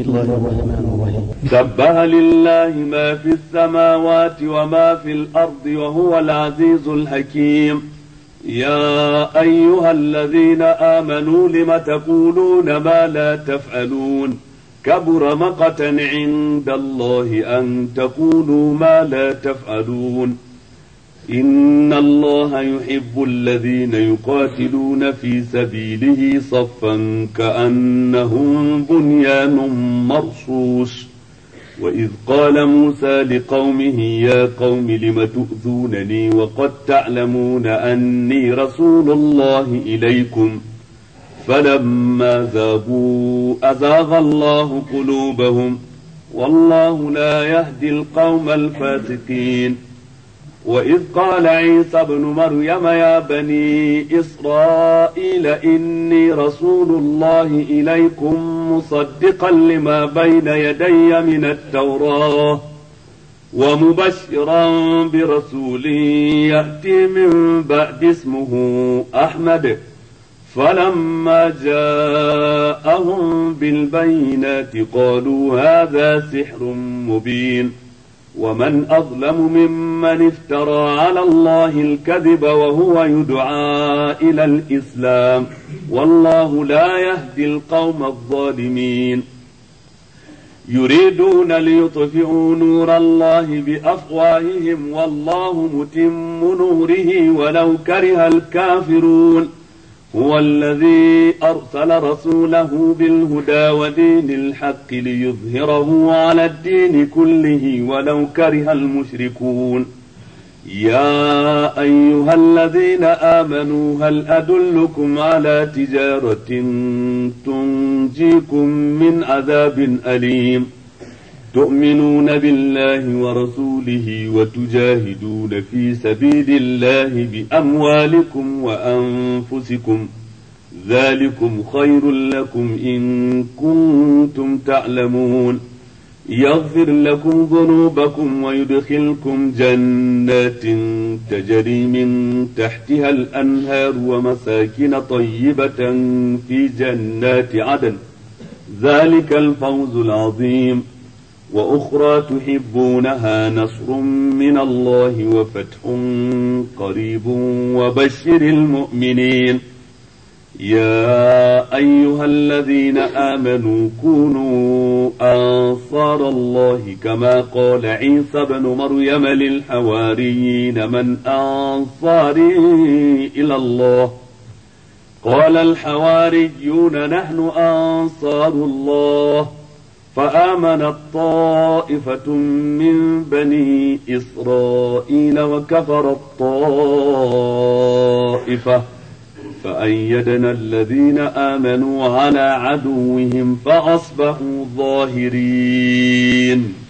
بسم الله الرحمن الرحيم سبح لله ما في السماوات وما في الأرض وهو العزيز الحكيم يا أيها الذين آمنوا لم تقولون ما لا تفعلون كبر مقتا عند الله أن تقولوا ما لا تفعلون إن الله يحب الذين يقاتلون في سبيله صفا كأنهم بنيان مرصوص وإذ قال موسى لقومه يا قوم لم تؤذونني وقد تعلمون أني رسول الله إليكم فلما ذابوا أزاغ الله قلوبهم والله لا يهدي القوم الفاسقين وإذ قال عيسى ابن مريم يا بني إسرائيل إني رسول الله إليكم مصدقا لما بين يدي من التوراة ومبشرا برسول يأتي من بعد اسمه أحمد فلما جاءهم بالبينات قالوا هذا سحر مبين ومن أظلم ممن افترى على الله الكذب وهو يدعى إلى الإسلام والله لا يهدي القوم الظالمين يريدون ليطفئوا نور الله بأفواههم والله متم نوره ولو كره الكافرون هو الذي أرسل رسوله بالهدى ودين الحق ليظهره على الدين كله ولو كره المشركون يا أيها الذين آمنوا هل أدلكم على تجارة تنجيكم من عذاب أليم تؤمنون بالله ورسوله وتجاهدون في سبيل الله بأموالكم وأنفسكم أنفسكم ذلكم خير لكم إن كنتم تعلمون يغفر لكم ذنوبكم ويدخلكم جنات تجري من تحتها الأنهار ومساكن طيبة في جنات عدن ذلك الفوز العظيم وأخرى تحبونها نصر من الله وفتح قريب وبشر المؤمنين يا أيها الذين آمنوا كونوا أنصار الله كما قال عيسى بن مريم للحواريين من أنصاري إلى الله قال الحواريون نحن أنصار الله فآمنت طائفة من بني إسرائيل وكفرت طائفة فأيدنا الذين آمنوا على عدوهم فأصبحوا ظاهرين